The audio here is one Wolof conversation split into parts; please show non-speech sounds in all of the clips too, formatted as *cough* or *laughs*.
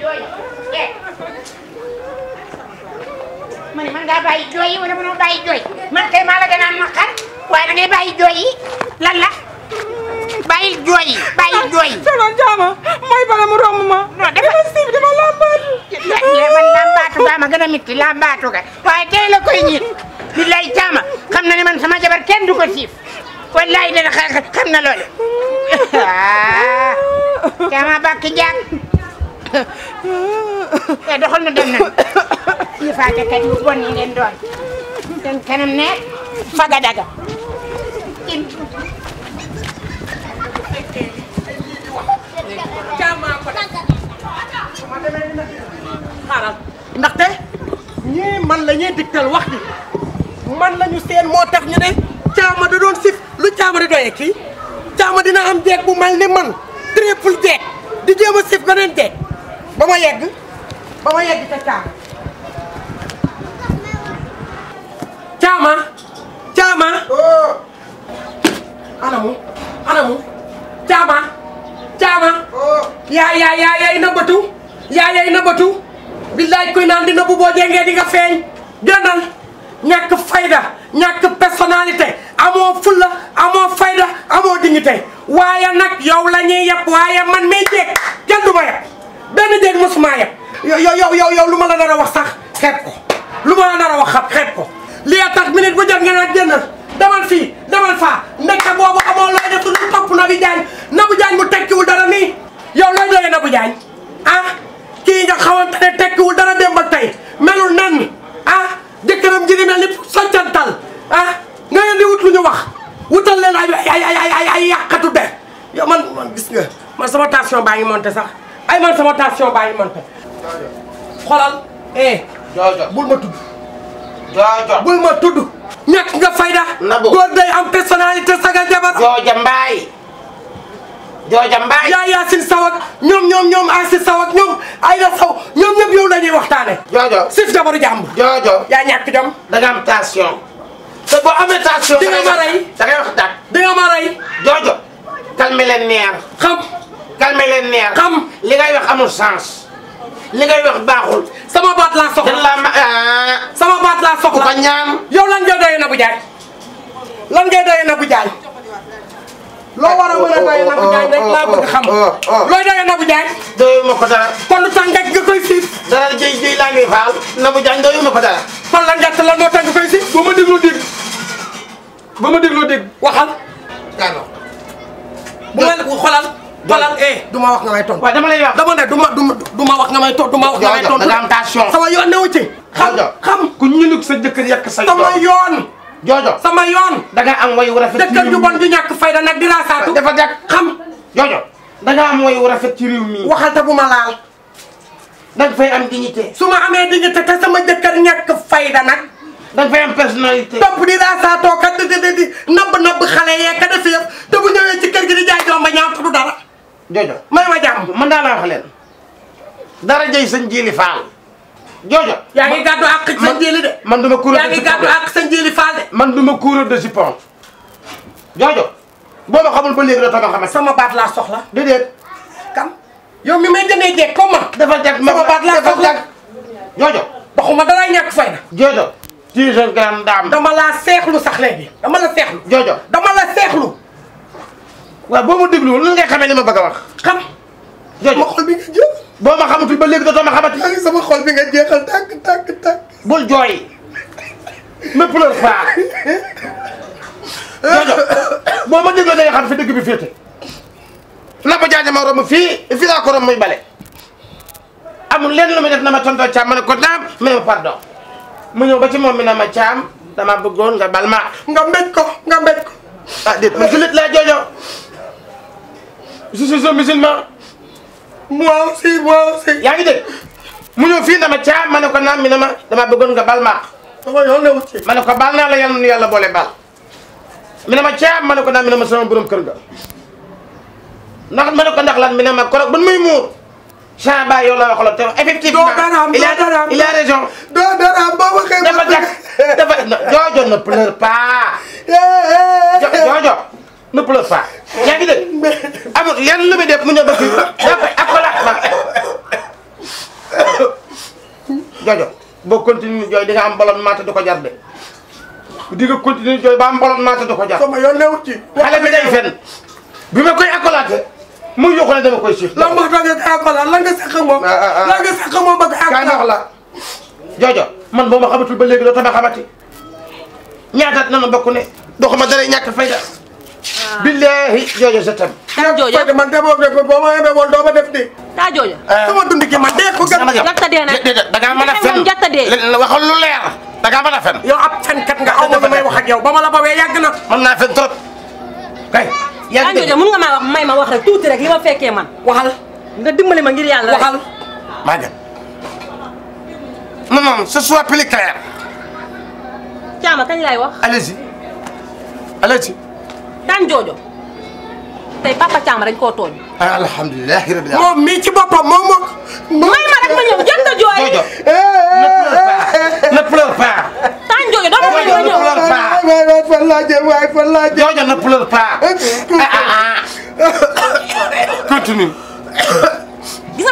jooy eh ma ne man ngaa bàyyi jooy yi wala mënoo bàyyi jooy man kay maa la gën a am naqar waaye da ngay bàyyi jooy yi lan la bàyyi jooy yi bàyyi jooy yi. soxna Diama may bala mu romb ma. non dafa siib dama làmbaatu. man làmbaatu gaa ma gën a mitti làmbaatu ga waaye tey la koy ñiit billaay Diama xam na ne man sama jabar kenn du ko siif wallaay dana xam na loolu ah Diama Bakki Ndiak. te doxal na dem nañu kii faate kat bon yi ngeen doon seen kanam ne faga daga ndaxte ñii man la ñuy digtal wax ji man la seen moo tax ñu ne caama da doon sif lu caama di doyee kii caama dina am jeeg bu mel ni man triple jeeg di jéem a sif beneen jeeg ba ma yegg ba ma yegg ca caama caama caama oh. anamu anamu caama caama oh. yaa yaa yaay nëbbatu yaa yaay nëbbatu billaay kuy naan di nëbbu boo jengee di nga feeñ gënal ñàkk fayda ñàkk personnalité amoo fulla amoo fayda amoo dignité waaye nag yow la ñuy yàpp waaye man mi jéeg kenn ma yàpp benn jéeg mosuma yem yow yow yow yow lu ma la nar a wax sax xeeb ko lu ma la nar wax xam xeeb ko li tax minute bu jot nga naan génnal demal fi demal faa ndekka boobu amoo looy def lu topp Nabou Diagne Nabou Diagne mu tekkiwul dara nii yow looy doyee Nabou Diagne ah kii nga xamante ne tekkiwul dara démb ak tey melul nan ah jëkkëram ji di li ni soccantal ah nga leen di wut ñu wax wutal leen ay ay ay ay ay yàqatu de yow man man gis nga man sama tension baa ngi monte sax bàyyi man sama tension bàyyi man ko. xolal eh. joojo bul ma tudd. joojo bul ma tudd. ñàkk nga fayda. nabu góor day am personnalité sagal jabar. joojo mbaay. jooja mbaay yaa yaasin saw ak ñoom ñoom ñoom aasi saw ak ñoom ayda saw ñoom ñëpp yow la ñuy waxtaane joojo sif jabaru jàmb joojo yaa ñàkk jom da nga am tension te boo amee tension di nga ma rey da ngay wax dak di nga ma rey joojo calme leen neer xam calme leen neer xam li ngay wax amul sens li ngay wax baaxul. sama baat laa soxla la ma euh, sama baat laa soxla ko ñaan. yow lan ngay doyee Nabou Diagne lan ngay doyee Nabou Diagne loo war a mën a doyee Nabou Diagne rek laa bëgg xam. looy doyee Nabou Diagne. doyuma ko dara. kon lu tax nga nga koy siif. dara jëy jëy laa ngi faal Nabou Diagne doyuma ko dara. kon lan gàtt lan moo tax nga koy siif. ba ma dégloo dégg ba ma dégloo dégg waxal. d'accord bu la balal eh du ma wax nga may tontu. waaw dama lay wax dama ne du ma du ma wax nga may tontu du ma wax nga may tontu. da nga am tension sama yoon newu ci. xam xam ku ñënuk sa jëkkër yàq sa sama yoon. joojo sama yoon. da nga am wayu rafet ci jëkkër ju bon ju ñàkk fayda nag di raasaatu. dafa jag xam joojo. da nga am wayu rafet ci réew mi. waxal te bu ma laal. da nga fay am dignité. su ma amee dignité te sama jëkkër ñàkk fayda nag. da nga fay am personnalité. topp di raasaatoo kat di di di nabb nabb xale yeeg ka def yëpp te bu ñëwee ci kër gi di jaay doom ba ñaaw du dara. joojo may ma jàmm mën naa laa wax dara jëy sëñ Jili Faal joojo. yaa ngi gàddu ak sëñ de. man du ma kuréel de yaa ngi gàddu ak sëñ man du ma kuréel de joojo boo xamul ba léegi da toog xamal sama baat laa soxla déedéet kam yow mi may jëndee jeeg comme man. defal jag sama baat laa soxla defal jag joojo. waxuma dara ñàkk fay na. joojo. ci dama la seexlu sax léegi dama la seexlu. joojo dama la seexlu. waaw boo ma dégluwul lan ngay xamee li ma bëgg a wax. xam. jooju ma xol bi nga jël. boo ma xamatul ba léegi ngi sama xol bi nga jeexal tàkk tàkk tàkk. bul jooy. ne pleure pas. jooju boo ma dégloo da nga fi dëgg bi féete. ma romb na ma tonton ko naam ma ne dama bëggoon nga bal nga mbéj ko nga mbéj ko. ah déet man jullit laa joojo. je suis un musulman. moi aussi moi aussi. yaa ngi dégg mu ñëw fii dama caa ma ne ko naam mi ne ma dama bëggoon nga bal ma dama yoon ne wut ma ne ko baal naa la yàlla nu yàlla boole baal. mi ne ma caa ma ne ko naam mi ne ma sama borom kër ga. ndax ma ne ko ndax lan mi ne ma korog bu muy muur. Samba yow la waxaloon te effectivement. il a il a raison. doo dara boobu xëy na dafa jag dafa joojo ne pleure pas. *laughs* Eh, eh, eh. joojo ne pleure pas yaa ngi dégg. yan lu muy def mu ñëw ba fii ak ko la jojo boo continue jooy di nga am boloon maata du ko jar de di nga continue jooy ba am boloon maata du ko jar. sama yoon newut ci. xale bi day fenn bi ma koy accolade mu yokku ne dama koy siif. lan moo tax nga accolade lan nga seq moom. Ah, ah, ah. lan nga seq moom ba nga accolade. kaay wax la jojo man boo ma xamatul ba léegi dootoo ma xamati ñaataat na ma bokk ne doxuma dara ñàkk fayda Ah. billahi joojo sa tam taa joojo de man demoo de boo ma yemee woon doo ma def de taa joojo eh. sama dund gi man dee ko gën jatta dee nag da nga mën a dee waxal lu leer da a fen wax ak yow ba ma la na mën naa fen trop kay taa mën nga maa may ma wax rek tuuti rek li ma fekkee man waxal nga dimbali ma ngir yàlla waxal Maguette non non ce soit plus clair Thiam kañ laay wax allez-y daan joojo tey papa Thiam dañ koo tooñ. Ah, alhamdulilah rabbil alamin. moom mii ci boppam moom moom. may ma rek ma ñëw jënd jooy. joojo ne eh, eh, pleure eh, pas. daan joojo dama ma ñëw joojo ne pleure *coughs*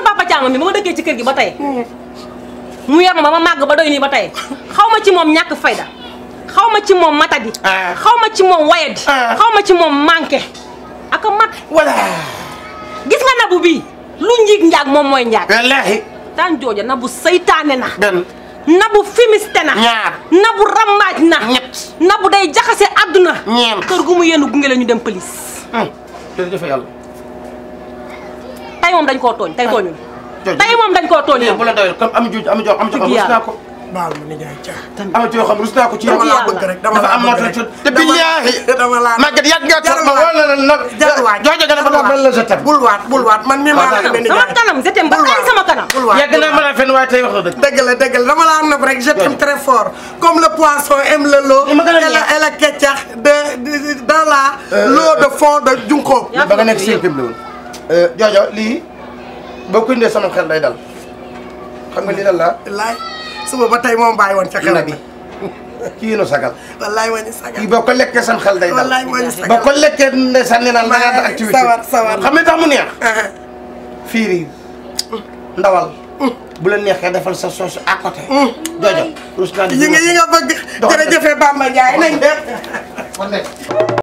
papa Thiam mi ba ma dëkkee ci kër gi ba tey. mu yor ma ba ma màgg ba doy nii ba tey xaw ma ci moom ñàkk fayda. xaw ma ci moom matadi. Ah. xaw ma ci moom wayadi. Ah. xaw ma ci moom manqué. aka mat. voilà. gis nga nabu bii lu njiig njaag moom mooy njaag. wallaahi. daan jooja nabu seytaane na. benn nabu fimiste na. ñaar nabu rambaaj na. ñett nabu day jaxase àdduna. ñeent kër gu mu yéenu gunge la ñu dem pëlis. Hmm. jërëjëf yàlla. tey moom dañ koo tooñ tey tooñul. Ah. tey moom dañ koo tooñ. bu la doyul comme am jooju am jox am jox am naa ko. baal ma ni jaay caa. amati yoo xam rus naa ko ci yow. dama laa bëgg rek dama laa bëgg rek te billaahi. dama laa màggat yàgg nga toog ma wala la nag. jaruwaat jooju gën a ma la la je t'aime. bul waat bul waat man mii maa la demee ni jaay sama kanam je t'aime ba tey sama kanam. bul waat yàgg naa ma laa fenn waaye tey wax la dëgg. dëgg la dëgg la dama laa nopp rek je t'aime très fort comme le poisson aime le lot. ma gën a ñor et le ketchup de dans la l'eau de fond de Junko. ba nga nekk seen film la woon. joojo lii boo ko indee sama xel day dal xam nga lii lan la laay suba ba tey moom bàyyi woon ca xel bi *laughs* kii nu sagal. wallaay ma ni sagal kii boo xel day dal. wallaay ma ni sagal boo ko lekkee ndeysaan nee naan sawar sawar xam mu neex. Ah, ah. fiiri ndawal. Mm. bu la neexee defal sa soosu à côté. Mm. joojo rus di. yi nga yi Bamba Ndiaye nañ def.